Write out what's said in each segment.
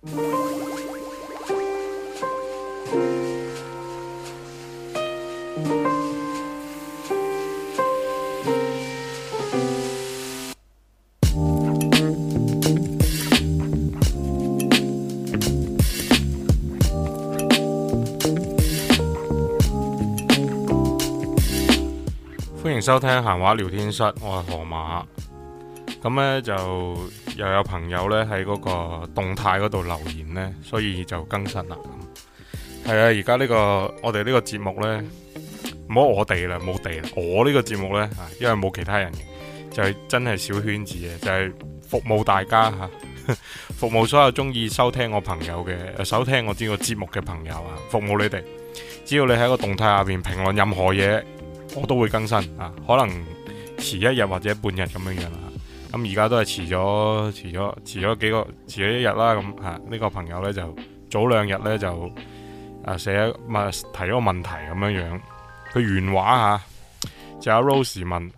歡迎收聽閒話聊天室，我係河馬，咁呢，就。又有朋友呢喺嗰個動態嗰度留言呢，所以就更新啦。係、嗯、啊，而家呢個我哋呢個節目呢，冇我哋啦，冇地啦。我呢個節目呢，目呢啊、因為冇其他人嘅，就係真係小圈子嘅，就係、是、服務大家吓、啊，服務所有中意收聽我朋友嘅、啊、收聽我呢個節目嘅朋友啊，服務你哋。只要你喺個動態下面評論任何嘢，我都會更新啊。可能遲一日或者半日咁樣樣啦。啊咁而家都係遲咗，遲咗，遲咗幾個，遲咗一日啦。咁嚇呢個朋友呢，就早兩日呢，就啊寫啊，提咗個問題咁樣樣。佢原話嚇、啊、就有、是、Rose 問：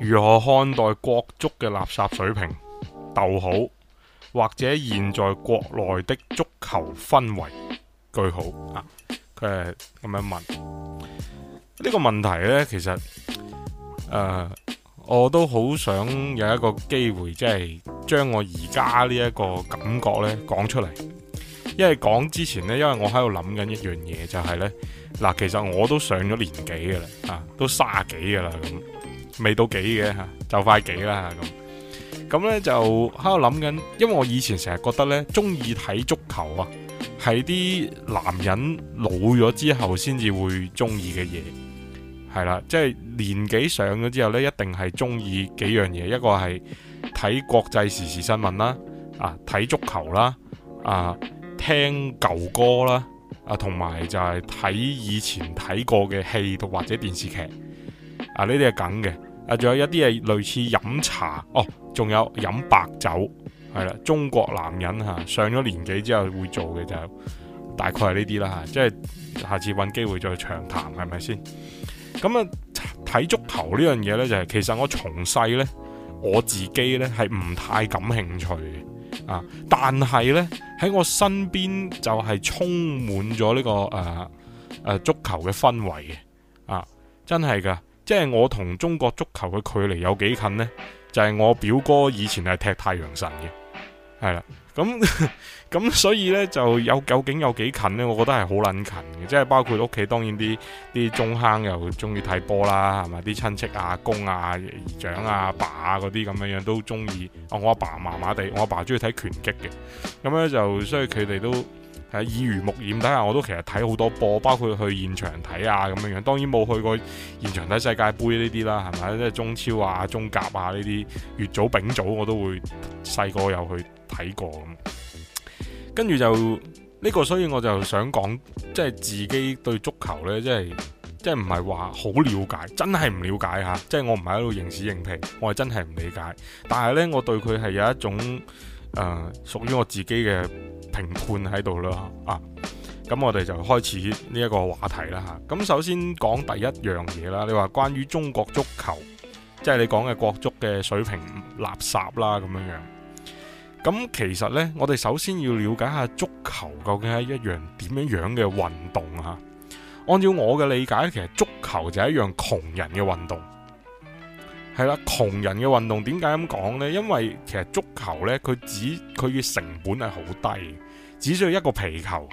如何看待國足嘅垃圾水平？逗號或者現在國內的足球氛圍句號啊？佢係咁樣問。呢、呢個問題呢，其實誒。呃我都好想有一個機會，即係將我而家呢一個感覺咧講出嚟。因為講之前呢，因為我喺度諗緊一樣嘢，就係呢。嗱，其實我都上咗年紀噶啦，吓都三十幾噶啦，咁未到幾嘅就快幾啦咁。咁咧就喺度諗緊，因為我以前成日覺得呢，中意睇足球啊，係啲男人老咗之後先至會中意嘅嘢。係啦，即係年紀上咗之後呢，一定係中意幾樣嘢，一個係睇國際時事新聞啦，啊睇足球啦，啊聽舊歌啦，啊同埋就係睇以前睇過嘅戲或者電視劇，啊呢啲係梗嘅，啊仲有一啲係類似飲茶哦，仲有飲白酒，係啦，中國男人吓、啊、上咗年紀之後會做嘅就係、大概係呢啲啦吓，即係下次揾機會再長談，係咪先？咁啊，睇足球呢樣嘢呢，就係其實我從細呢，我自己呢係唔太感興趣嘅啊。但係呢，喺我身邊就係充滿咗呢個誒誒、啊啊、足球嘅氛圍嘅啊，真係噶，即、就、係、係、我同中國足球嘅距離有幾近呢？就係、係、我表哥以前係踢太陽神嘅，係啦，咁。 咁所以呢，就有究竟有幾近呢？我覺得係好撚近嘅，即係包括屋企當然啲啲中坑又中意睇波啦，係咪？啲親戚啊、公啊、長啊、爸啊嗰啲咁樣樣都中意。哦，我阿爸麻麻地，我阿爸中意睇拳擊嘅。咁呢就所以佢哋都係耳濡目染。睇下我都其實睇好多波，包括去現場睇啊咁樣樣。當然冇去過現場睇世界盃呢啲啦，係咪？即係中超啊、中甲啊呢啲，月組丙組我都會細個有去睇過。跟住就呢個，所以我就想講，即係自己對足球呢，即係即係唔係話好了解，真係唔了解吓，即係我唔係喺度認屎認皮，我係真係唔理解。但係呢，我對佢係有一種誒、呃，屬於我自己嘅評判喺度啦。啊，咁我哋就開始呢一個話題啦吓。咁首先講第一樣嘢啦，你話關於中國足球，即係你講嘅國足嘅水平垃圾啦，咁樣樣。咁其實呢，我哋首先要了解下足球究竟係一樣點樣樣嘅運動吓、啊，按照我嘅理解，其實足球就係一樣窮人嘅運動，係啦，窮人嘅運動，點解咁講呢？因為其實足球呢，佢只佢嘅成本係好低，只需要一個皮球。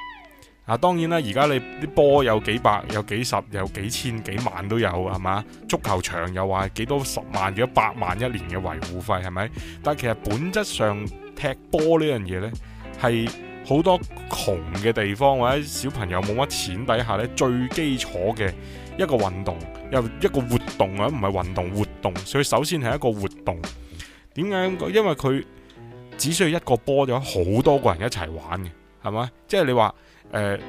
啊，當然啦，而家你啲波有幾百，有幾十，有幾千，幾萬都有，係嘛？足球場又話幾多十萬，幾多百萬一年嘅維護費，係咪？但其實本質上。踢波呢樣嘢呢，係好多窮嘅地方或者小朋友冇乜錢底下呢，最基礎嘅一個運動又一個活動啊，唔係運動活動，所以首先係一個活動。點解咁講？因為佢只需要一個波就好多個人一齊玩嘅，係咪？即係你話誒。呃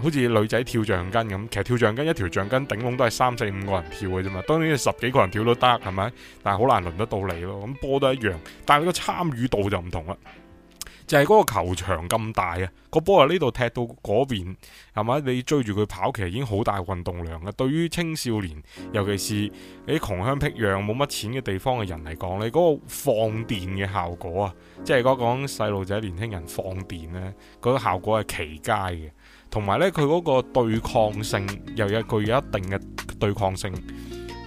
好似女仔跳橡筋咁，其實跳橡筋一條橡筋頂籠都係三四五個人跳嘅啫嘛，當然十幾個人跳都得，係咪？但係好難輪得到你咯。咁波都一樣，但係個參與度就唔同啦。就係嗰個球場咁大啊，個波喺呢度踢到嗰邊，係咪？你追住佢跑，其實已經好大運動量嘅。對於青少年，尤其是你窮鄉僻壤冇乜錢嘅地方嘅人嚟講，你嗰個放電嘅效果啊，即係講講細路仔、年輕人放電呢，嗰個效果係奇佳嘅。同埋呢，佢嗰個對抗性又有具一定嘅對抗性，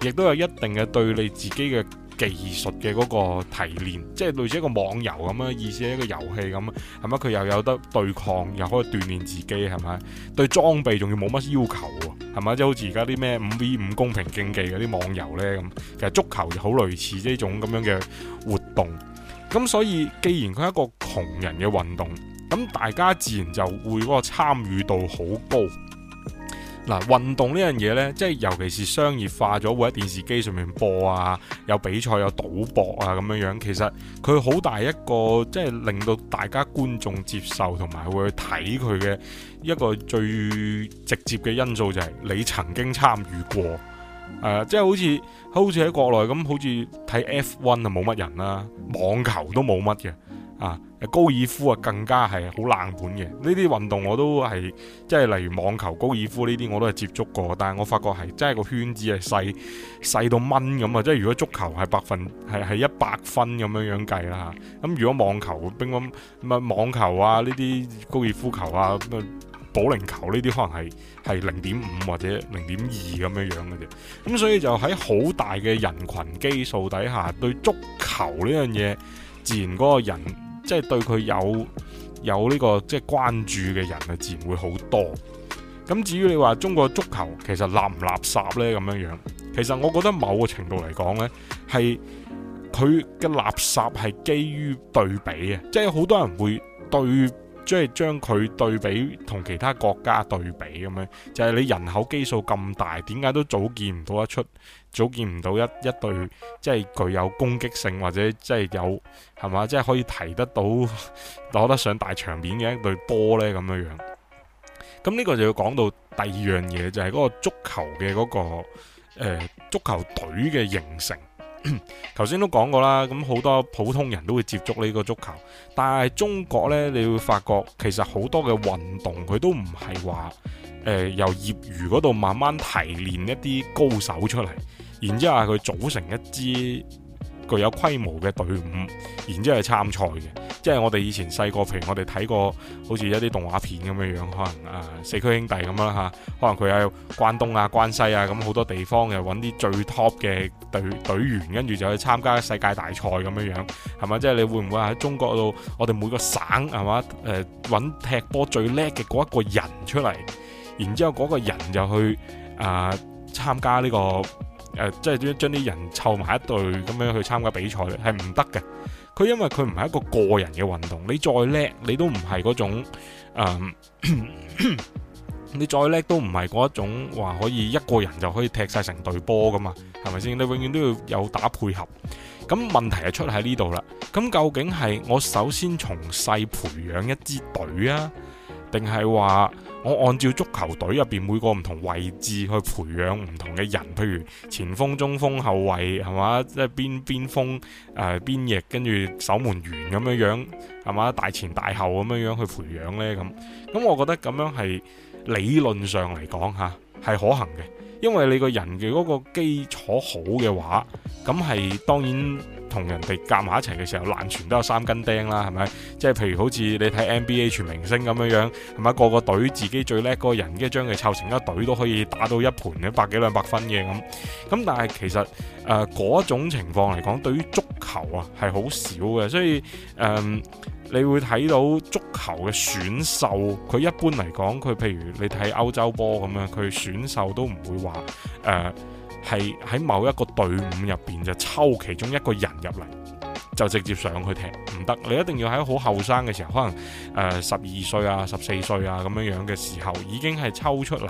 亦都有一定嘅對你自己嘅技術嘅嗰個提煉，即係類似一個網遊咁啊，意思係一個遊戲咁啊，係咪佢又有得對抗，又可以鍛鍊自己，係咪？對裝備仲要冇乜要求喎，係咪？即好似而家啲咩五 V 五公平競技嗰啲網遊呢，咁，其實足球就好類似呢種咁樣嘅活動。咁所以，既然佢係一個窮人嘅運動。咁大家自然就會嗰個參與度好高。嗱、啊，運動呢樣嘢，呢，即係尤其是商業化咗，會喺電視機上面播啊，有比賽有賭博啊咁樣樣。其實佢好大一個，即係令到大家觀眾接受同埋會去睇佢嘅一個最直接嘅因素就係你曾經參與過。誒、啊，即係好似好似喺國內咁，好似睇 F1 啊冇乜人啦，網球都冇乜嘅啊。高爾夫啊，更加係好冷門嘅，呢啲運動我都係即係，例如網球、高爾夫呢啲我都係接觸過，但係我發覺係真係個圈子係細細到蚊咁啊！即係如果足球係百分係係一百分咁樣樣計啦嚇，咁、啊、如果網球、乒乓、啊網球啊呢啲高爾夫球啊，保齡球呢啲，可能係係零點五或者零點二咁樣樣嘅啫。咁所以就喺好大嘅人群基數底下，對足球呢樣嘢自然嗰個人。即係對佢有有呢個即係關注嘅人啊，自然會好多。咁至於你話中國足球其實垃唔垃圾呢？咁樣樣，其實我覺得某個程度嚟講呢係佢嘅垃圾係基於對比嘅，即係好多人會對。即係將佢對比同其他國家對比咁樣，就係你人口基數咁大，點解都組建唔到一出，組建唔到一一隊即係具有攻擊性或者即係有係嘛，即係可以提得到攞得上大場面嘅一隊波呢？咁樣樣。咁呢個就要講到第二樣嘢，就係嗰個足球嘅嗰個、呃、足球隊嘅形成。頭先 都講過啦，咁好多普通人都會接觸呢個足球，但係中國呢，你會發覺其實好多嘅運動佢都唔係話誒由業餘嗰度慢慢提煉一啲高手出嚟，然之後佢組成一支。具有規模嘅隊伍，然之後去參賽嘅，即係我哋以前細個，譬如我哋睇過好似一啲動畫片咁樣樣，可能啊、呃、四驅兄弟咁啦嚇，可能佢喺關東啊、關西啊咁好多地方，又揾啲最 top 嘅隊隊員，跟住就去參加世界大賽咁樣樣，係嘛？即係你會唔會喺中國度，我哋每個省係嘛？誒揾、呃、踢波最叻嘅嗰一個人出嚟，然之後嗰個人就去啊參、呃、加呢、這個。誒、呃，即係將啲人湊埋一隊咁樣去參加比賽，係唔得嘅。佢因為佢唔係一個個人嘅運動，你再叻，你都唔係嗰種誒、呃，你再叻都唔係嗰一種話可以一個人就可以踢晒成隊波噶嘛？係咪先？你永遠都要有打配合。咁問題就出喺呢度啦。咁究竟係我首先從細培養一支隊啊？定係話我按照足球隊入邊每個唔同位置去培養唔同嘅人，譬如前鋒、中鋒、後衛係嘛，即係邊邊鋒、誒、呃、邊翼，跟住守門員咁樣樣係嘛，大前大後咁樣樣去培養呢？咁，咁我覺得咁樣係理論上嚟講吓係可行嘅，因為你個人嘅嗰個基礎好嘅話，咁係當然。同人哋夾埋一齊嘅時候，爛船都有三根釘啦，係咪？即係譬如好似你睇 NBA 全明星咁樣樣，係咪個個隊自己最叻嗰個人，跟住將佢湊成一隊都可以打到一盤一百幾兩百分嘅咁。咁但係其實誒嗰、呃、種情況嚟講，對於足球啊係好少嘅，所以誒、呃、你會睇到足球嘅選秀，佢一般嚟講，佢譬如你睇歐洲波咁樣，佢選秀都唔會話誒、呃係喺某一個隊伍入邊，就抽其中一個人入嚟，就直接上去踢，唔得。你一定要喺好後生嘅時候，可能誒十二歲啊、十四歲啊咁樣樣嘅時候，已經係抽出嚟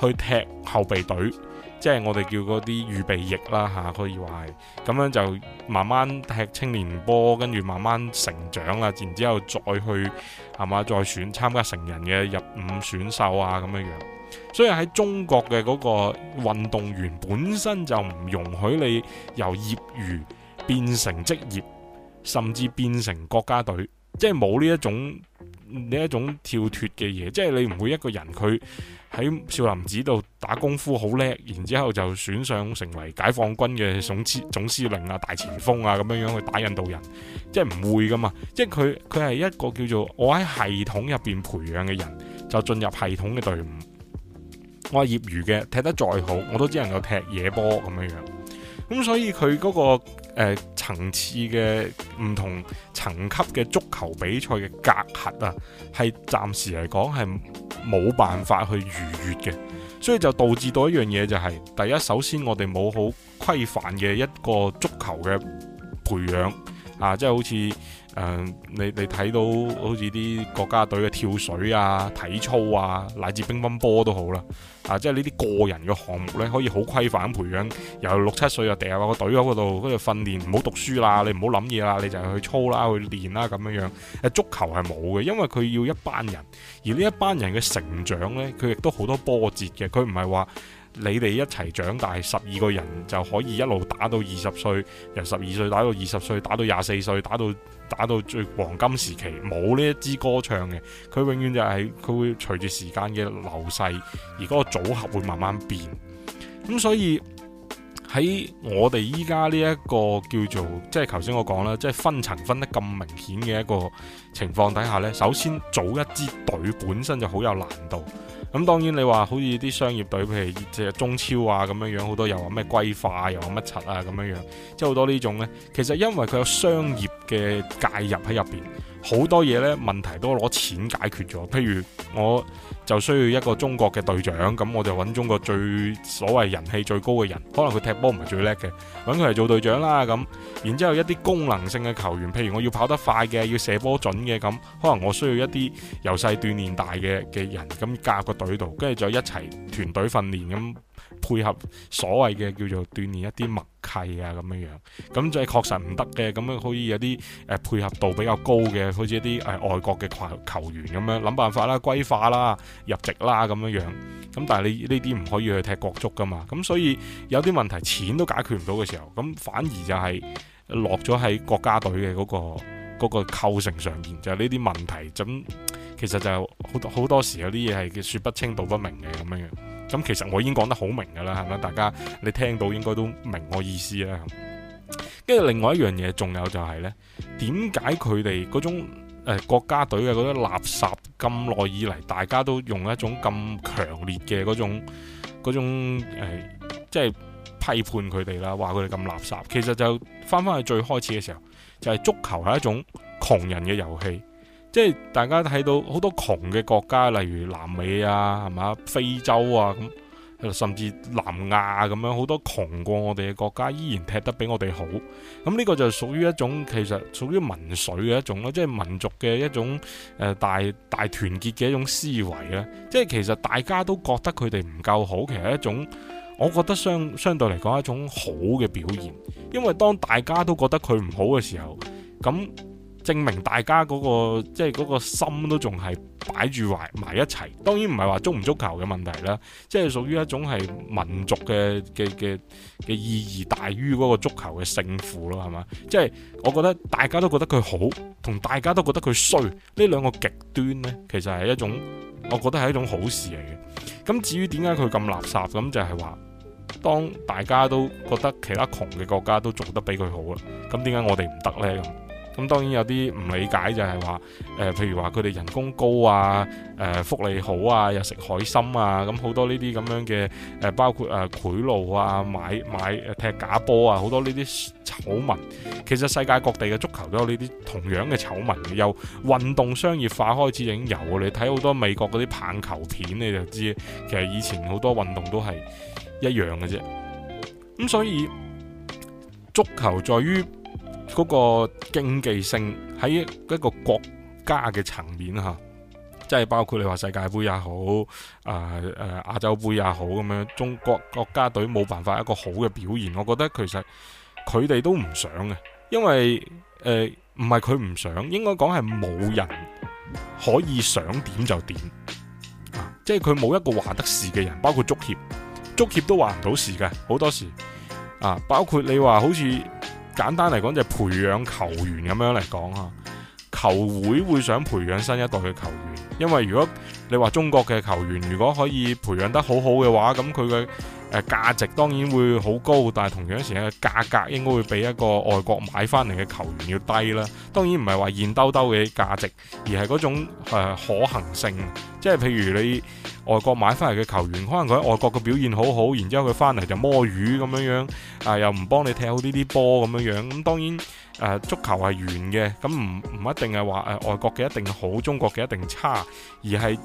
去踢後備隊，即係我哋叫嗰啲預備役啦吓，可以話係。咁樣就慢慢踢青年波，跟住慢慢成長啦，然之後再去係咪，再選參加成人嘅入伍選秀啊，咁樣樣。所以喺中國嘅嗰個運動員本身就唔容許你由業餘變成職業，甚至變成國家隊，即係冇呢一種呢一種跳脫嘅嘢。即係你唔會一個人佢喺少林寺度打功夫好叻，然之後就選上成為解放軍嘅總總司令啊、大前鋒啊咁樣樣去打印度人，即係唔會㗎嘛。即係佢佢係一個叫做我喺系統入邊培養嘅人，就進入系統嘅隊伍。我係業餘嘅，踢得再好我都只能夠踢野波咁樣樣。咁、嗯、所以佢嗰、嗰個誒、呃、層次嘅唔同層級嘅足球比賽嘅隔閡啊，係暫時嚟講係冇辦法去逾越嘅。所以就導致到一樣嘢就係、係、第一，首先我哋冇好規範嘅一個足球嘅培養啊，即係好似。誒、呃，你你睇到好似啲國家隊嘅跳水啊、體操啊，乃至乒乓波都好啦。啊，即係呢啲個人嘅項目呢，可以好規範咁培養。由六七歲啊，掉入個隊喺嗰度，跟住訓練，唔好讀書啦，你唔好諗嘢啦，你就去操啦，去練啦咁樣樣、啊。足球係冇嘅，因為佢要一班人，而呢一班人嘅成長呢，佢亦都好多波折嘅。佢唔係話你哋一齊長大，十二個人就可以一路打到二十歲，由十二歲打到二十歲，打到廿四歲，打到。打到最黃金時期，冇呢一支歌唱嘅，佢永遠就係，佢會隨住時間嘅流逝，而嗰個組合會慢慢變。咁所以喺我哋依家呢一個叫做，即係頭先我講啦，即係分層分得咁明顯嘅一個情況底下呢，首先組一支隊本身就好有難度。咁當然你話好似啲商業隊，譬如即係中超啊咁樣樣，好多又話咩歸化、啊，又話乜柒啊咁樣樣，即係好多呢種呢，其實因為佢有商業嘅介入喺入邊。好多嘢咧，問題都攞錢解決咗。譬如我就需要一個中國嘅隊長，咁我就揾中國最所謂人氣最高嘅人，可能佢踢波唔係最叻嘅，揾佢嚟做隊長啦。咁然之後一啲功能性嘅球員，譬如我要跑得快嘅，要射波準嘅咁，可能我需要一啲由細鍛鍊大嘅嘅人，咁加入個隊度，跟住再一齊團隊訓練咁。配合所謂嘅叫做鍛鍊一啲默契啊，咁樣樣，咁就係確實唔得嘅。咁樣可以有啲誒、呃、配合度比較高嘅，好似一啲誒、呃、外國嘅球球員咁樣，諗辦法啦、啊、歸化啦、入籍啦咁樣樣。咁但係你呢啲唔可以去踢國足㗎嘛。咁所以有啲問題錢都解決唔到嘅時候，咁反而就係落咗喺國家隊嘅嗰、嗰個嗰、嗰個、構成上面，就係呢啲問題。咁其實就好、是、多好多時有啲嘢係説不清道不明嘅咁樣樣。咁其實我已經講得好明噶啦，係咪？大家你聽到應該都明我意思啦。跟住另外一樣嘢，仲有就係呢，點解佢哋嗰種誒、呃、國家隊嘅嗰啲垃圾咁耐以嚟，大家都用一種咁強烈嘅嗰種嗰種、呃、即係批判佢哋啦，話佢哋咁垃圾。其實就翻翻去最開始嘅時候，就係、是、足球係一種窮人嘅遊戲。即係大家睇到好多窮嘅國家，例如南美啊，係嘛？非洲啊咁，甚至南亞咁、啊、樣，好多窮過我哋嘅國家，依然踢得比我哋好。咁呢個就屬於一種其實屬於民粹嘅一種咯，即係民族嘅一種誒、呃、大大團結嘅一種思維咧。即係其實大家都覺得佢哋唔夠好，其實係一種我覺得相相對嚟講係一種好嘅表現，因為當大家都覺得佢唔好嘅時候，咁，證明大家嗰個即係嗰個心都仲係擺住埋埋一齊，當然唔係話足唔足球嘅問題啦，即係屬於一種係民族嘅嘅嘅嘅意義大於嗰個足球嘅勝負咯，係嘛？即係我覺得大家都覺得佢好，同大家都覺得佢衰，呢兩個極端呢，其實係一種我覺得係一種好事嚟嘅。咁至於點解佢咁垃圾咁，就係話當大家都覺得其他窮嘅國家都做得比佢好啦，咁點解我哋唔得呢？咁當然有啲唔理解就係話，誒、呃、譬如話佢哋人工高啊，誒、呃、福利好啊，又食海參啊，咁好多呢啲咁樣嘅誒、呃，包括誒、呃、賄賂啊，買買踢假波啊，好多呢啲醜聞。其實世界各地嘅足球都有呢啲同樣嘅醜聞，由運動商業化開始已經有。你睇好多美國嗰啲棒球片你就知，其實以前好多運動都係一樣嘅啫。咁所以足球在於，嗰個競技性喺一個國家嘅層面吓，即係包括你話世界杯也好，啊誒，亞洲杯也好咁樣，中國國家隊冇辦法一個好嘅表現。我覺得其實佢哋都唔想嘅，因為誒，唔係佢唔想，應該講係冇人可以想點就點，啊，即係佢冇一個話得事嘅人，包括足協，足協都話唔到事嘅，好多時啊，包括你話好似。簡單嚟講就係培養球員咁樣嚟講吓，球會會想培養新一代嘅球員，因為如果你話中國嘅球員如果可以培養得好好嘅話，咁佢嘅。誒、呃、價值當然會好高，但係同樣時間，價格應該會比一個外國買翻嚟嘅球員要低啦。當然唔係話現兜兜嘅價值，而係嗰種、呃、可行性。即係譬如你外國買翻嚟嘅球員，可能佢喺外國嘅表現好好，然之後佢翻嚟就摸魚咁樣樣，啊、呃、又唔幫你踢好呢啲波咁樣樣。咁、嗯、當然誒、呃、足球係圓嘅，咁唔唔一定係話誒外國嘅一定好，中國嘅一定差，而係。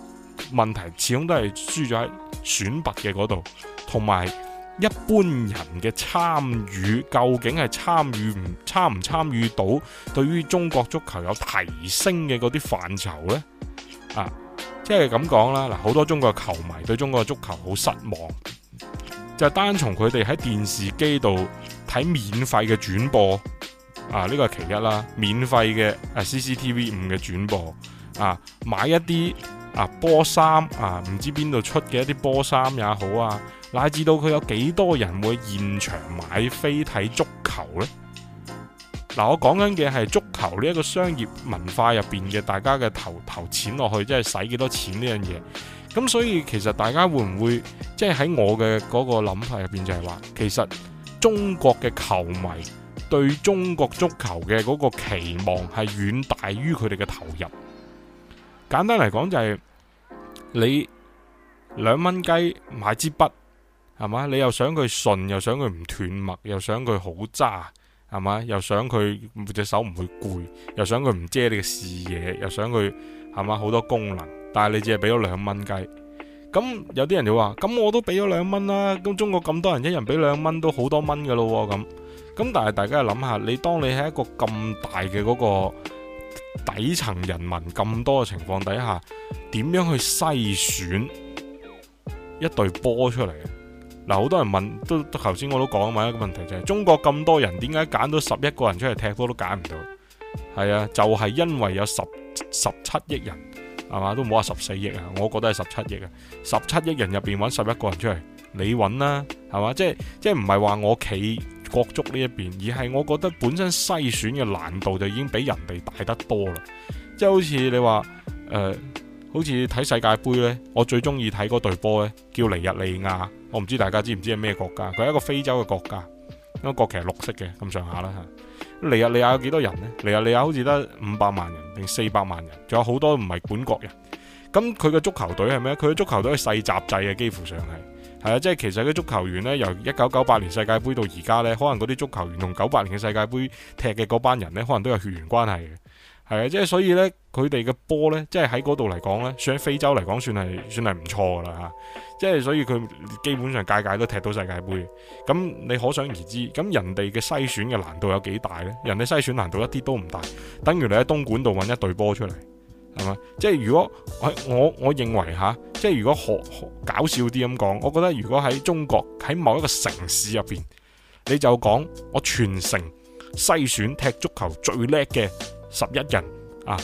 問題始終都係輸咗喺選拔嘅嗰度，同埋一般人嘅參與究竟係參與參唔參與到對於中國足球有提升嘅嗰啲範疇呢？啊，即係咁講啦。嗱，好多中國球迷對中國足球好失望，就係、單從佢哋喺電視機度睇免費嘅轉播啊，呢、呢個係其一啦。免費嘅、啊、CCTV 五嘅轉播啊，買一啲。啊波衫啊，唔、啊、知邊度出嘅一啲波衫也好啊，乃至到佢有幾多人會現場買飛睇足球呢？嗱、啊，我講緊嘅係足球呢一個商業文化入邊嘅，大家嘅投投錢落去，即係使幾多錢呢樣嘢。咁所以其實大家會唔會即係喺我嘅嗰個諗法入邊就係話，其實中國嘅球迷對中國足球嘅嗰個期望係遠大於佢哋嘅投入。簡單嚟講就係、是。你兩蚊雞買支筆係嘛？你又想佢順，又想佢唔斷墨，又想佢好渣係嘛？又想佢隻手唔會攰，又想佢唔遮你嘅視野，又想佢係嘛？好多功能，但係你只係俾咗兩蚊雞。咁有啲人就話：咁我都俾咗兩蚊啦，啊。咁中國咁多人，一人俾兩蚊都好多蚊噶咯，啊。咁咁，但係大家諗下，你當你喺一個咁大嘅嗰個。底層人民咁多嘅情況底下，點樣去篩選一隊波出嚟？嗱，好多人問，都頭先我都講啊，問一個問題就係，中國咁多人，點解揀到十一個人出嚟踢波都揀唔到？係啊，就係因為有十十七億人，係嘛，都唔好話十四億啊，我覺得係十七億啊，十七億人入邊揾十一個人出嚟，你揾啦，係嘛，即係即係唔係話我企。國足呢一邊，而係我覺得本身篩選嘅難度就已經比人哋大得多啦。即係好似你話，誒、呃,好似睇世界杯呢,我最中意睇嗰隊波呢，叫尼日利亞。我唔知大家知唔知係咩國家？佢係一個非洲嘅國家，因為國旗係綠色嘅咁上下啦吓。尼日利亞有幾多人呢？尼日利亞好似得五百萬人定四百萬人，仲有好多唔係本國人。咁佢嘅足球隊係咩？佢嘅足球隊係細雜制嘅，幾乎上係。係啊，即係其實啲足球員呢，由一九九八年世界杯到而家呢，可能嗰啲足球員同九八年嘅世界杯踢嘅嗰班人呢，可能都有血緣關係嘅。係啊，即係所以呢，佢哋嘅波呢，即係喺嗰度嚟講呢，算喺非洲嚟講，算係算係唔錯噶啦吓。即係所以佢基本上屆屆都踢到世界杯。咁你可想而知，咁人哋嘅篩選嘅難度有幾大呢？人哋篩選難度一啲都唔大，等於你喺東莞度搵一隊波出嚟。嗯、即係如果我，我認為嚇，即係如果好搞笑啲咁講，我覺得如果喺中國喺某一個城市入邊，你就講我全城篩選踢足球最叻嘅十一人啊，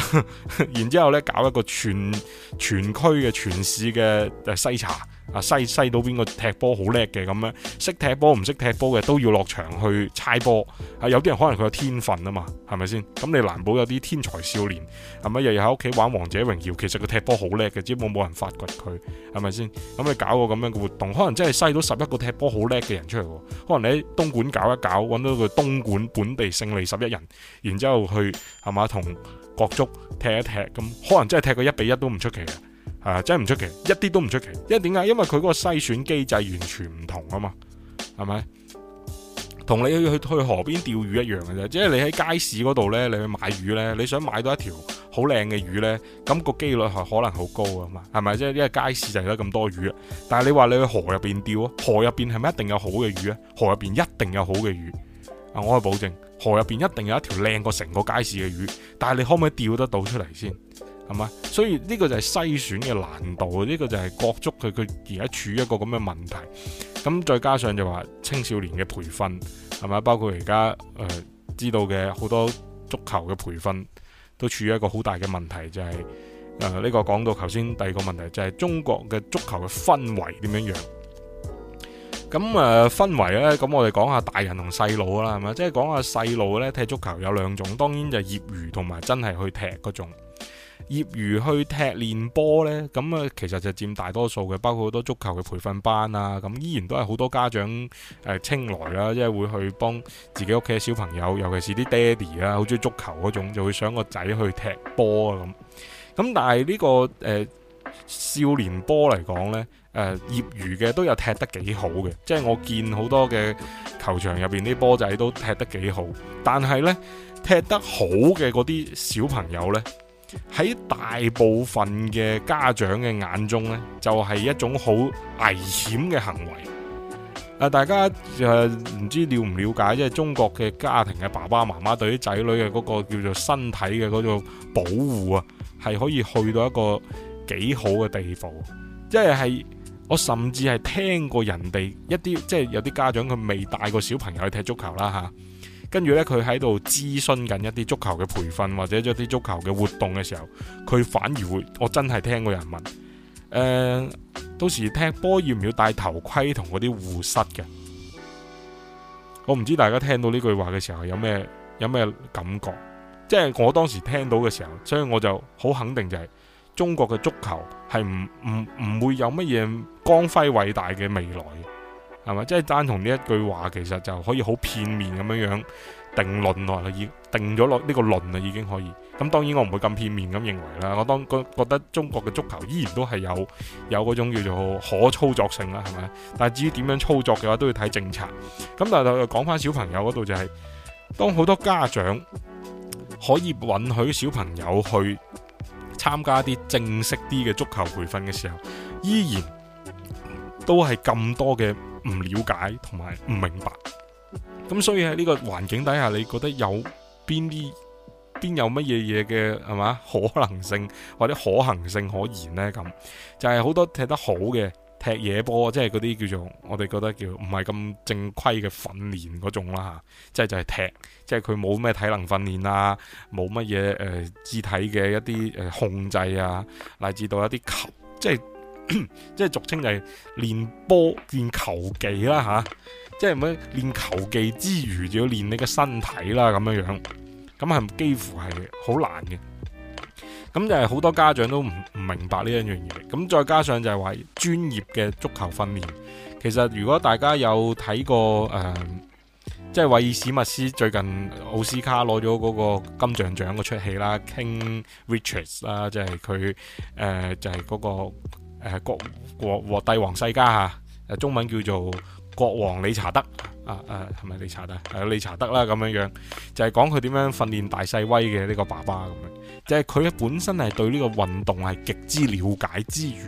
然之後咧搞一個全全區嘅全市嘅、呃、篩查。啊，篩篩到邊個踢波好叻嘅咁樣？識踢波唔識踢波嘅都要落場去猜波。啊，有啲人可能佢有天分啊嘛，係咪先？咁你難保有啲天才少年係咪日日喺屋企玩王者榮耀？其實佢踢波好叻嘅，只冇冇人發掘佢係咪先？咁你搞個咁樣嘅活動，可能真係篩到十一個踢波好叻嘅人出嚟喎。可能你喺東莞搞一搞，揾到個東莞本地勝利十一人，然之後去係嘛同國足踢一踢咁，可能真係踢個一比一都唔出奇嘅。係、啊，真係唔出奇，一啲都唔出奇。因為點解？因為佢嗰個篩選機制完全唔同啊嘛，係咪？同你去去河邊釣魚一樣嘅啫。即係你喺街市嗰度呢，你去買魚呢，你想買到一條好靚嘅魚呢，咁個機率係可能好高啊嘛，係咪？即係因為街市就係得咁多魚啊。但係你話你去河入邊釣啊，河入邊係咪一定有好嘅魚啊？河入邊一定有好嘅魚啊！我可以保證，河入邊一定有一條靚過成個街市嘅魚。但係你可唔可以釣得到出嚟先？係嘛，所以呢個就係篩選嘅難度，呢個就係國足佢佢而家處於一個咁嘅問題。咁再加上就話青少年嘅培訓係，嘛，包括而家誒知道嘅好多足球嘅培訓都處於一個好大嘅問題，就係誒呢個講到頭先第二個問題，就係中國嘅足球嘅氛圍點樣樣？咁誒氛圍呢，咁我哋講下大人同細路啦，係咪？即係講下細路呢，踢足球有兩種，當然就係業餘同埋真係去踢嗰種。業餘去踢練波呢，咁啊，其實就佔大多數嘅，包括好多足球嘅培訓班啊，咁依然都係好多家長誒青睞啦，即係會去幫自己屋企嘅小朋友，尤其是啲爹哋啊，好中意足球嗰種，就會想個仔去踢波啊咁。咁但係呢、呢個誒、呃、少年波嚟講呢，誒、呃、業餘嘅都有踢得幾好嘅，即係我見好多嘅球場入邊啲波仔都踢得幾好，但係呢踢得好嘅嗰啲小朋友呢，喺大部分嘅家長嘅眼中呢，就係、是、一種好危險嘅行為。啊、大家誒唔知了唔了解，即係中國嘅家庭嘅爸爸媽媽對啲仔女嘅嗰個叫做身體嘅嗰個保護啊，係可以去到一個幾好嘅地步。即係我甚至係聽過人哋一啲，即、就、係、是、有啲家長佢未帶過小朋友去踢足球啦吓。啊跟住呢佢喺度諮詢緊一啲足球嘅培訓，或者一啲足球嘅活動嘅時候，佢反而會，我真係聽過人問，誒，到時踢波要唔要戴頭盔同嗰啲護膝嘅？我唔知大家聽到呢句話嘅時候有咩有咩感覺？即係我當時聽到嘅時候，所以我就好肯定就係中國嘅足球係唔唔唔會有乜嘢光輝偉大嘅未來。係咪？即係單從呢一句話，其實就可以好片面咁樣樣定論落啦，已定咗落呢個論啦，已經可以咁。當然我唔會咁片面咁認為啦。我當覺覺得中國嘅足球依然都係有有嗰種叫做可操作性啦，係咪？但係至於點樣操作嘅話，都要睇政策。咁但係又講返小朋友嗰度就係、是、當好多家長可以允許小朋友去參加啲正式啲嘅足球培訓嘅時候，依然都係咁多嘅。唔了解同埋唔明白，咁所以喺呢個環境底下，你覺得有邊啲邊有乜嘢嘢嘅係嘛可能性或者可行性可言呢？咁就係、是、好多踢得好嘅踢野波，即係嗰啲叫做我哋覺得叫唔係咁正規嘅訓練嗰種啦吓，即、啊、係就係、是、踢，即係佢冇咩體能訓練啊，冇乜嘢誒肢體嘅一啲誒控制啊，乃至到一啲球即係。即係 俗稱就係練波練球技啦吓，即係咁練球技之餘，就要練你個身體啦。咁樣樣咁係幾乎係好難嘅。咁就係好多家長都唔唔明白呢一樣嘢。咁再加上就係話專業嘅足球訓練，其實如果大家有睇過誒，即係威爾史密斯最近奧斯卡攞咗嗰個金像獎嗰出戲啦，King Richards 啦，即係佢誒就係嗰個。誒，國國和帝王世家吓，中文叫做國王理查德，啊啊，係咪理查德？係啊理查德啦，咁樣樣就係講佢點樣訓練大細威嘅呢個爸爸咁樣，即係佢本身係對呢個運動係極之了解之餘，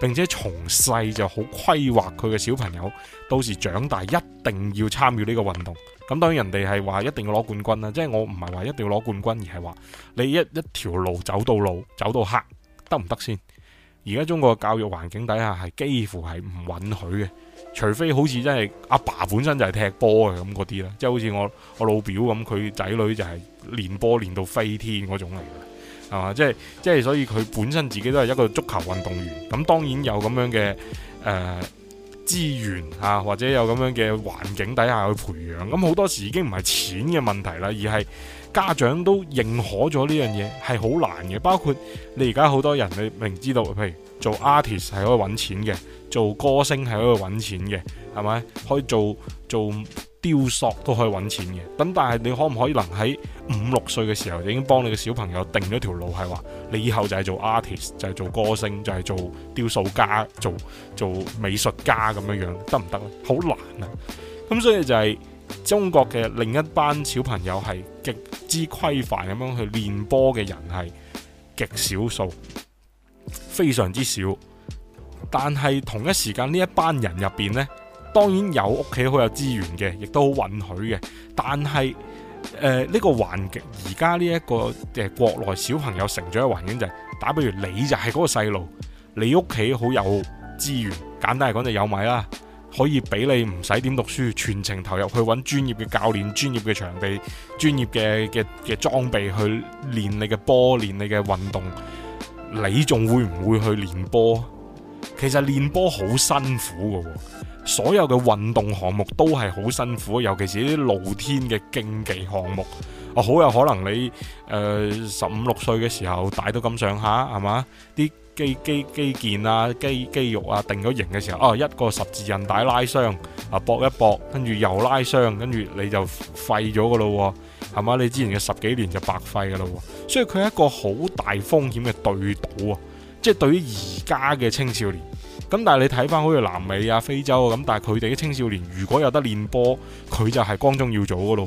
並且從細就好規劃佢嘅小朋友到時長大一定要參與呢個運動。咁當然人哋係話一定要攞冠軍啦，即係我唔係話一定要攞冠軍，而係話你一一條路走到老，走到黑，得唔得先？行而家中國教育環境底下係幾乎係唔允許嘅，除非好似真係阿爸本身就係踢波嘅咁嗰啲啦，即係、即係、好似我我老表咁，佢仔女就係練波練到飛天嗰種嚟嘅，係嘛？即係即係所以佢本身自己都係一個足球運動員，咁當然有咁樣嘅誒、呃、資源嚇、啊，或者有咁樣嘅環境底下去培養，咁好多時已經唔係錢嘅問題啦，而係。家長都認可咗呢樣嘢係好難嘅，包括你而家好多人，你明知道，譬如做 artist 係可以揾錢嘅，做歌星係可以揾錢嘅，係咪可以做做雕塑都可以揾錢嘅？咁但係你可唔可以能喺五六歲嘅時候，已經幫你嘅小朋友定咗條路，係話你以後就係做 artist，就係做歌星，就係、是、做雕塑家，做做美術家咁樣樣得唔得咧？好難啊！咁所以就係、是。中國嘅另一班小朋友係極之規範咁樣去練波嘅人係極少數，非常之少。但係同一時間呢一班人入邊呢，當然有屋企好有資源嘅，亦都好允許嘅。但係誒呢個環境而家呢一個嘅國內小朋友成長嘅環境就係、是、打比如你就係嗰個細路，你屋企好有資源，簡單嚟講就有米啦。可以俾你唔使點讀書，全程投入去揾專業嘅教練、專業嘅場地、專業嘅嘅嘅裝備去練你嘅波、練你嘅運動，你仲會唔會去練波？其實練波好辛苦㗎、哦，所有嘅運動項目都係好辛苦，尤其是啲露天嘅競技項目，我、啊、好有可能你誒十五六歲嘅時候大到咁上下，係嘛啲？肌肌肌腱啊，肌肌肉啊，定咗型嘅時候，哦，一個十字韌帶拉傷啊，搏一搏，跟住又拉傷，跟住你就廢咗噶咯，係嘛？你之前嘅十幾年就白費噶咯，所以佢係一個好大風險嘅對賭啊，即係對於而家嘅青少年。咁、啊、但係你睇翻好似南美啊、非洲啊咁，但係佢哋啲青少年如果有得練波，佢就係光宗耀祖噶咯，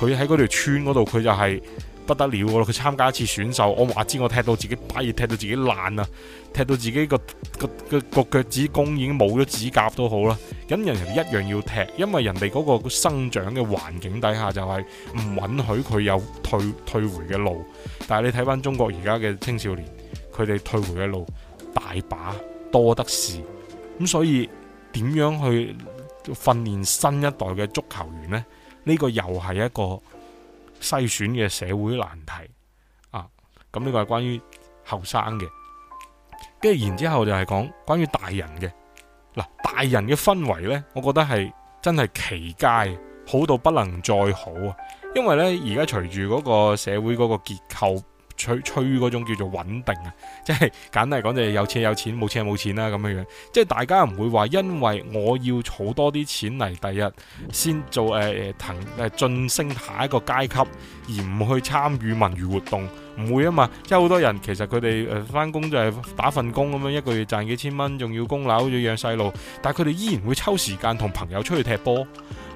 佢喺嗰條村嗰度，佢就係、是。不得了㗎喇！佢參加一次選秀，我話知我踢到自己跛，踢到自己爛啊，踢到自己個個個腳趾公已經冇咗指甲都好啦。咁人哋一樣要踢，因為人哋嗰個生長嘅環境底下就係唔允許佢有退退回嘅路。但係你睇翻中國而家嘅青少年，佢哋退回嘅路大把多得是。咁所以點樣去訓練新一代嘅足球員呢？呢個又係一個。篩選嘅社會難題啊，咁、這、呢個係關於後生嘅，跟住然之後就係講關於大人嘅。嗱、啊、大人嘅氛圍呢，我覺得係真係奇佳，好到不能再好啊！因為呢，而家隨住嗰個社會嗰個結構。吹吹嗰種叫做穩定啊，即係簡單嚟講就有錢有錢，冇錢冇錢啦、啊、咁樣樣，即係大家唔會話因為我要儲多啲錢嚟第日先做誒、呃、騰誒晉升下一個階級，而唔去參與文娛活動。唔會啊嘛，即係好多人其實佢哋誒翻工就係打份工咁樣，一個月賺幾千蚊，仲要供樓要養細路，但係佢哋依然會抽時間同朋友出去踢波。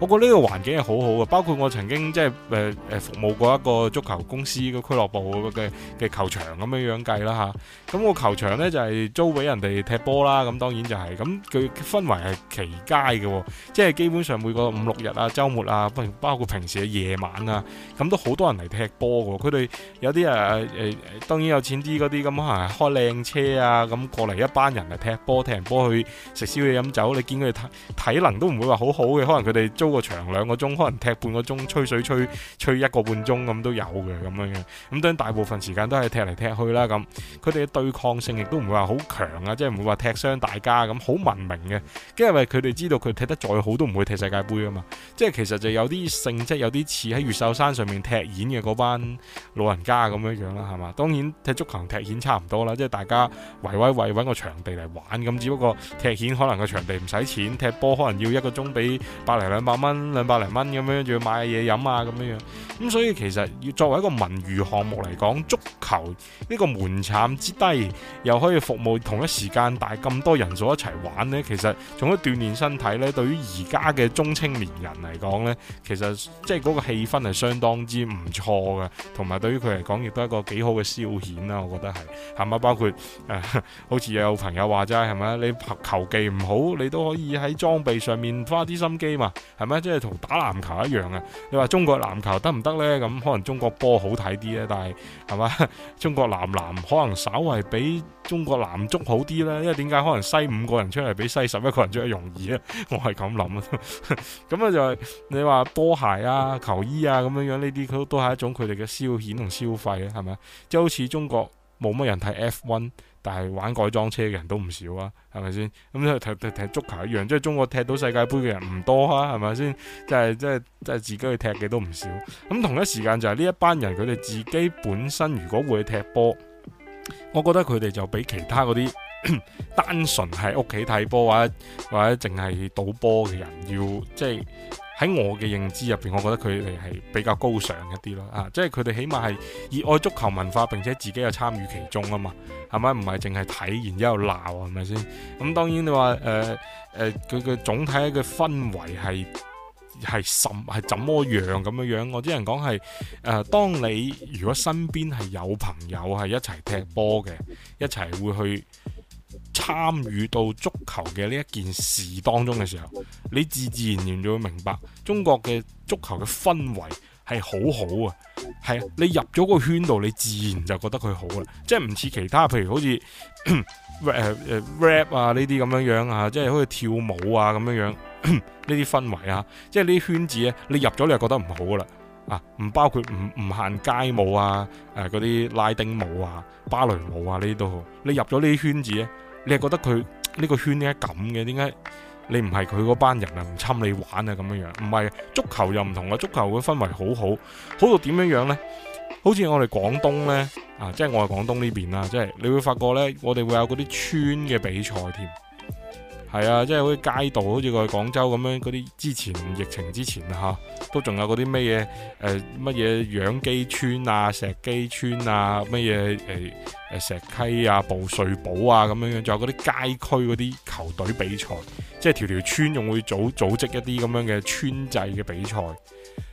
我覺得呢個環境係好好嘅，包括我曾經即係誒誒服務過一個足球公司嘅俱樂部嘅嘅球場咁樣樣計啦嚇。咁個球場呢，就係租俾人哋踢波啦，咁當然就係咁，佢氛圍係奇佳嘅，即係基本上每個五六日啊、週末啊，包括平時嘅夜晚啊，咁都好多人嚟踢波嘅。佢哋有啲啊～誒誒誒，當然有錢啲嗰啲咁啊，可能開靚車啊，咁過嚟一班人嚟踢波踢完波去食宵夜飲酒。你見佢哋體能都唔會話好好嘅，可能佢哋租個場兩個鐘，可能踢半個鐘，吹水吹吹一個半鐘咁都有嘅咁樣嘅。咁當然大部分時間都係踢嚟踢去啦咁，佢哋嘅對抗性亦都唔會話好強啊，即係唔會話踢傷大家咁，好文明嘅。因為佢哋知道佢踢得再好都唔會踢世界盃啊嘛，即係其實就有啲性質有啲似喺越秀山上面踢演嘅嗰班老人家咁樣。樣啦，係嘛？當然踢足球、踢毽差唔多啦，即係大家圍圍圍揾個場地嚟玩。咁只不過踢毽可能個場地唔使錢，踢波可能要一個鐘俾百零兩百蚊、兩百零蚊咁樣，仲要買嘢飲啊咁樣樣。咁所以其實要作為一個文娛項目嚟講，足球呢個門檻之低，又可以服務同一時間但咁多人數一齊玩呢，其實仲可以鍛鍊身體呢，對於而家嘅中青年人嚟講呢，其實即係嗰個氣氛係相當之唔錯嘅，同埋對於佢嚟講亦都。個幾好嘅消遣啦，啊，我覺得係係咪包括誒，啊，好似有朋友話齋，係咪你球技唔好，你都可以喺裝備上面花啲心機嘛，係咪即係同打籃球一樣啊？你話中國籃球得唔得呢？咁可能中國波好睇啲啊，但係係嘛，中國男籃可能稍微比。中國男足好啲咧，因為點解可能西五個人出嚟比西十一個人出得容易啊？我係咁諗啊，咁啊就係你話波鞋啊、球衣啊咁樣樣呢啲，佢都都係一種佢哋嘅消遣同消費啊，係咪？即係好似中國冇乜人睇 F1，但係玩改裝車嘅人都唔少啊，係咪先？咁即係踢踢踢足球一樣，即係中國踢到世界盃嘅人唔多啊，係咪先？即係即係即係自己去踢嘅都唔少。咁同一時間就係呢一班人，佢哋自己本身如果會踢波。我覺得佢哋就比其他嗰啲 單純係屋企睇波或者或者淨係賭波嘅人要，即係喺我嘅認知入邊，我覺得佢哋係比較高尚一啲咯，啊，即係佢哋起碼係熱愛足球文化，並且自己又參與其中啊嘛，係咪？唔係淨係睇，然之後鬧，係咪先？咁當然你話誒誒，佢、呃、嘅、呃、總體嘅氛圍係。係什係怎麼樣咁樣樣？我啲人講係誒，當你如果身邊係有朋友係一齊踢波嘅，一齊會去參與到足球嘅呢一件事當中嘅時候，你自自然然就會明白中國嘅足球嘅氛圍係好好啊！係啊，你入咗個圈度，你自然就覺得佢好啦、啊，即係唔似其他，譬如好似、呃呃、rap 啊呢啲咁樣樣啊，即係好似跳舞啊咁樣樣。呢啲氛圍啊，即係呢啲圈子咧、啊，你入咗你就覺得唔好噶啦啊，唔包括唔唔行街舞啊，誒嗰啲拉丁舞啊、芭蕾舞啊呢度，你入咗呢啲圈子咧、啊，你係覺得佢呢、這個圈點解咁嘅？點解你唔係佢嗰班人啊？唔侵你玩啊咁樣樣？唔係，足球又唔同嘅，足球嘅、啊、氛圍好好，好到點樣樣咧？好似我哋廣東咧啊，即係我係廣東呢邊啦，即係你會發覺咧，我哋會有嗰啲村嘅比賽添、啊。係啊，即係好似街道，好似佢喺廣州咁樣，嗰啲之前疫情之前嚇、啊，都仲有嗰啲咩嘢誒乜嘢楊箕村啊、石基村啊、乜嘢誒誒石溪啊、布瑞堡啊咁樣樣，仲有嗰啲街區嗰啲球隊比賽，即係條條村仲會組組織一啲咁樣嘅村際嘅比賽。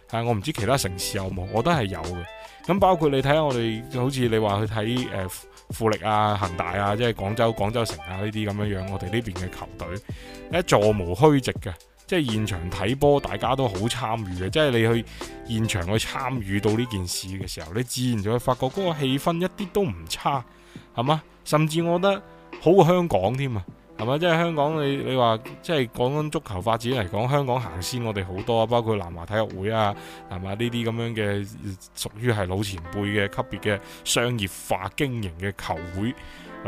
係、啊、我唔知其他城市有冇，我都係有嘅。咁包括你睇下我哋，好似你話去睇誒、呃、富力啊、恒大啊，即係廣州、廣州城啊呢啲咁樣樣，我哋呢邊嘅球隊一座無虛席嘅、啊，即係現場睇波大家都好參與嘅，即係你去現場去參與到呢件事嘅時候，你自然就會發覺嗰個氣氛一啲都唔差，係嘛？甚至我覺得好香港添啊！係咪？即係香港，你你話即係講緊足球發展嚟講，香港行先，我哋好多，包括南華體育會啊，係咪？呢啲咁樣嘅屬於係老前輩嘅級別嘅商業化經營嘅球會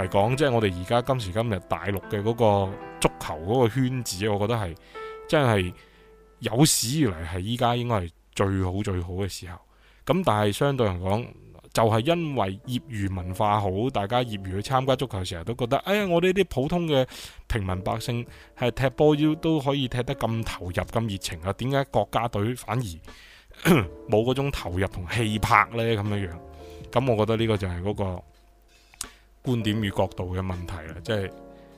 嚟講，即係我哋而家今時今日大陸嘅嗰個足球嗰個圈子，我覺得係真係有史以來係而家應該係最好最好嘅時候。咁但係相對嚟講。就係因為業餘文化好，大家業餘去參加足球，成候都覺得，哎呀，我呢啲普通嘅平民百姓係踢波，要都可以踢得咁投入、咁熱情啊？點解國家隊反而冇嗰種投入同氣魄呢？咁樣樣，咁我覺得呢個就係嗰個觀點與角度嘅問題啦。即係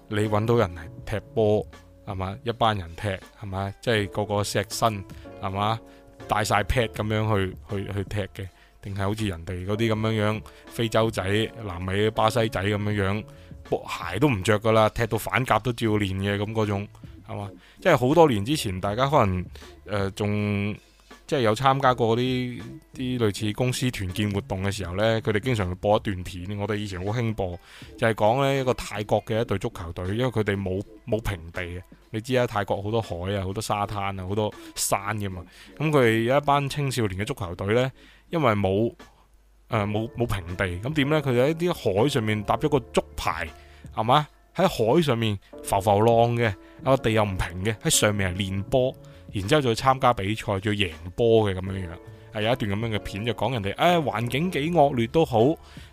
你揾到人嚟踢波係嘛？一班人踢係嘛？即係個個錫身係嘛？帶晒劈 a 咁樣去去去踢嘅。定係好似人哋嗰啲咁樣樣，非洲仔、南美巴西仔咁樣樣，鞋都唔着噶啦，踢到反甲都照練嘅咁嗰種係嘛？即係好多年之前，大家可能仲、呃、即係有參加過啲啲類似公司團建活動嘅時候呢，佢哋經常會播一段片。我哋以前好興播，就係、是、講呢一個泰國嘅一隊足球隊，因為佢哋冇冇平地嘅，你知啊，泰國好多海啊，好多沙灘啊，好多山㗎嘛。咁佢哋有一班青少年嘅足球隊呢。因為冇誒冇冇平地，咁點呢？佢就喺啲海上面搭咗個竹排，係嘛？喺海上面浮浮浪嘅，個地又唔平嘅，喺上面係練波，然之後再參加比賽，要贏波嘅咁樣樣。係、啊、有一段咁樣嘅片，就講人哋誒，環境幾惡劣都好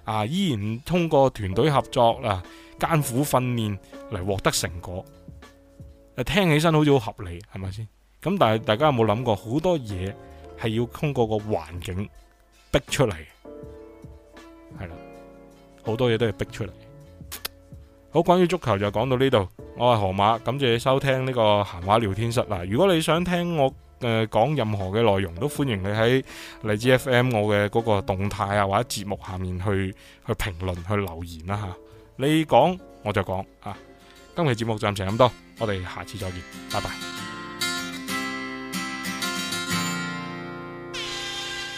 啊，依然通過團隊合作啦、艱、啊、苦訓練嚟獲得成果。誒、啊，聽起身好似好合理，係咪先？咁但係大家有冇諗過好多嘢？係要通過個環境逼出嚟，係啦，好多嘢都係逼出嚟。好，關於足球就講到呢度。我係河馬，感謝你收聽呢個閒話聊天室啦。如果你想聽我誒講、呃、任何嘅內容，都歡迎你喺荔枝 FM 我嘅嗰個動態啊，或者節目下面去去評論去留言啦、啊、吓。你講我就講啊。今期節目暫時咁多，我哋下次再見，拜拜。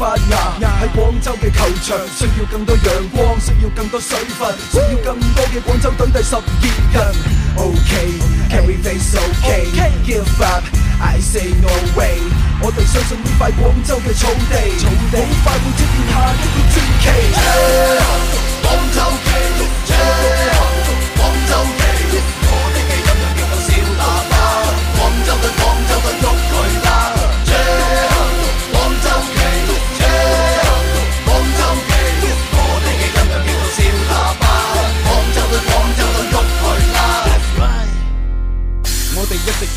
發芽喺廣州嘅球場，需要更多陽光，需要更多水分，需要更多嘅廣州隊第十二人。Okay, can we face okay? okay? Give up, I say no way。我哋相信呢塊廣州嘅草地，草地好快會接下一個傳奇。y Yeah ,廣州記錄。Yeah,